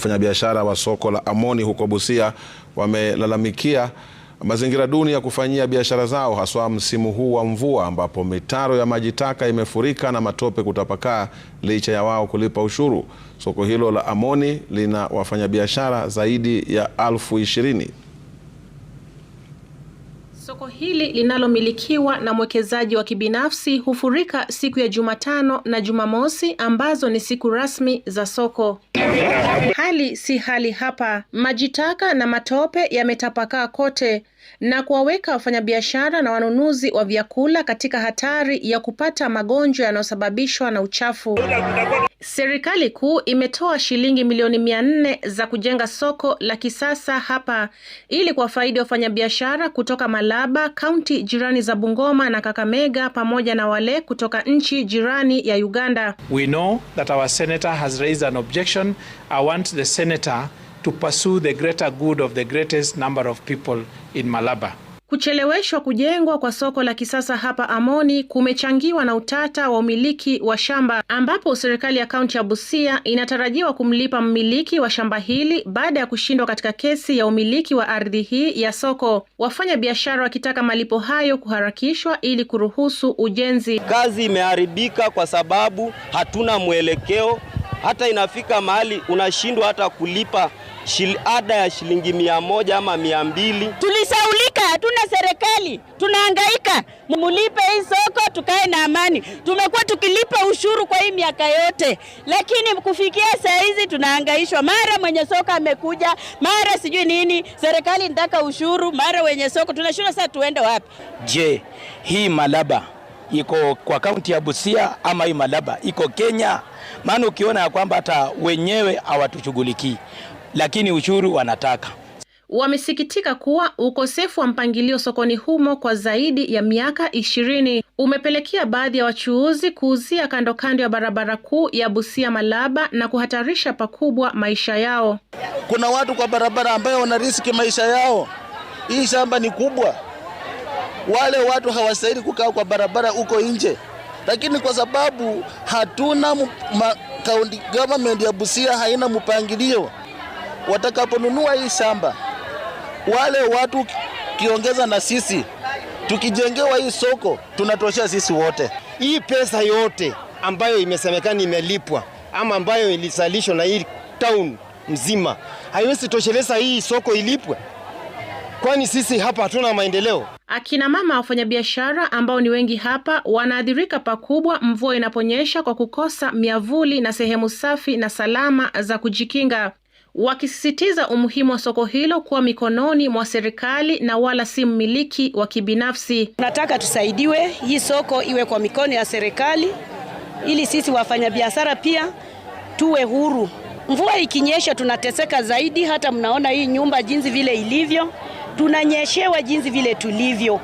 Wafanyabiashara wa soko la Amoni huko Busia wamelalamikia mazingira duni ya kufanyia biashara zao haswa msimu huu wa mvua ambapo mitaro ya maji taka imefurika na matope kutapakaa licha ya wao kulipa ushuru. Soko hilo la Amoni lina wafanyabiashara zaidi ya elfu ishirini. Soko hili linalomilikiwa na mwekezaji wa kibinafsi hufurika siku ya Jumatano na Jumamosi ambazo ni siku rasmi za soko. Hali si hali hapa. Maji taka na matope yametapakaa kote na kuwaweka wafanyabiashara na wanunuzi wa vyakula katika hatari ya kupata magonjwa yanayosababishwa na uchafu. Serikali kuu imetoa shilingi milioni mia nne za kujenga soko la kisasa hapa ili kuwafaidi wafanyabiashara kutoka Malaba, kaunti jirani za Bungoma na Kakamega pamoja na wale kutoka nchi jirani ya Uganda. We know that our senator has raised an objection. I want the senator to pursue the greater good of the greatest number of people in Malaba. Kucheleweshwa kujengwa kwa soko la kisasa hapa Amoni kumechangiwa na utata wa umiliki wa shamba ambapo serikali ya kaunti ya Busia inatarajiwa kumlipa mmiliki wa shamba hili baada ya kushindwa katika kesi ya umiliki wa ardhi hii ya soko, wafanya biashara wakitaka malipo hayo kuharakishwa ili kuruhusu ujenzi. Kazi imeharibika kwa sababu hatuna mwelekeo, hata inafika mahali unashindwa hata kulipa shil, ada ya shilingi mia moja ama mia mbili. Tulisaulika, hatuna serikali, tunahangaika, mumulipe hii soko tukae na amani. Tumekuwa tukilipa ushuru kwa hii miaka yote, lakini kufikia saa hizi tunahangaishwa. Mara mwenye soko amekuja, mara sijui nini, serikali inataka ushuru, mara wenye soko tunashindwa. Sasa tuende wapi? Je, hii Malaba iko kwa kaunti ya Busia ama hii Malaba iko Kenya? Maana ukiona ya kwamba hata wenyewe hawatushughulikii lakini ushuru wanataka. Wamesikitika kuwa ukosefu wa mpangilio sokoni humo kwa zaidi ya miaka ishirini umepelekea baadhi ya wachuuzi kuuzia kando kando ya barabara kuu ya Busia Malaba na kuhatarisha pakubwa maisha yao. Kuna watu kwa barabara ambayo wanariski maisha yao. Hii shamba ni kubwa, wale watu hawastahili kukaa kwa barabara huko nje, lakini kwa sababu hatuna kaunti, government ya Busia haina mpangilio watakaponunua hii shamba, wale watu kiongeza na sisi tukijengewa hii soko tunatoshea sisi wote. Hii pesa yote ambayo imesemekana imelipwa ama ambayo ilisalishwa na hii town mzima haiwezi tosheleza hii soko ilipwe, kwani sisi hapa hatuna maendeleo. Akina mama wafanyabiashara ambao ni wengi hapa wanaathirika pakubwa mvua inaponyesha kwa kukosa miavuli na sehemu safi na salama za kujikinga wakisisitiza umuhimu wa soko hilo kuwa mikononi mwa serikali na wala si mmiliki wa kibinafsi. tunataka tusaidiwe hii soko iwe kwa mikono ya serikali, ili sisi wafanyabiashara pia tuwe huru. Mvua ikinyesha tunateseka zaidi. Hata mnaona hii nyumba jinsi vile ilivyo, tunanyeshewa jinsi vile tulivyo.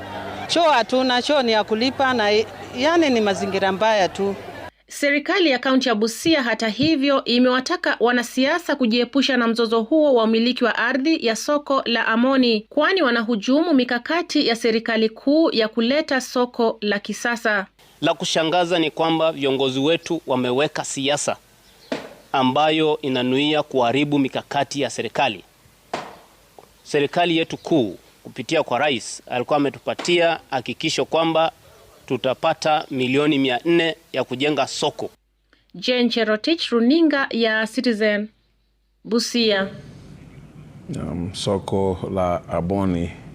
Choo hatuna, choo ni ya kulipa na yani ni mazingira mbaya tu. Serikali ya kaunti ya Busia hata hivyo imewataka wanasiasa kujiepusha na mzozo huo wa umiliki wa ardhi ya soko la Amoni, kwani wanahujumu mikakati ya serikali kuu ya kuleta soko la kisasa. La kushangaza ni kwamba viongozi wetu wameweka siasa ambayo inanuia kuharibu mikakati ya serikali. Serikali yetu kuu kupitia kwa rais alikuwa ametupatia hakikisho kwamba tutapata milioni mia nne ya kujenga soko. Jane Cherotich, runinga ya Citizen, Busia. Um, soko la Aboni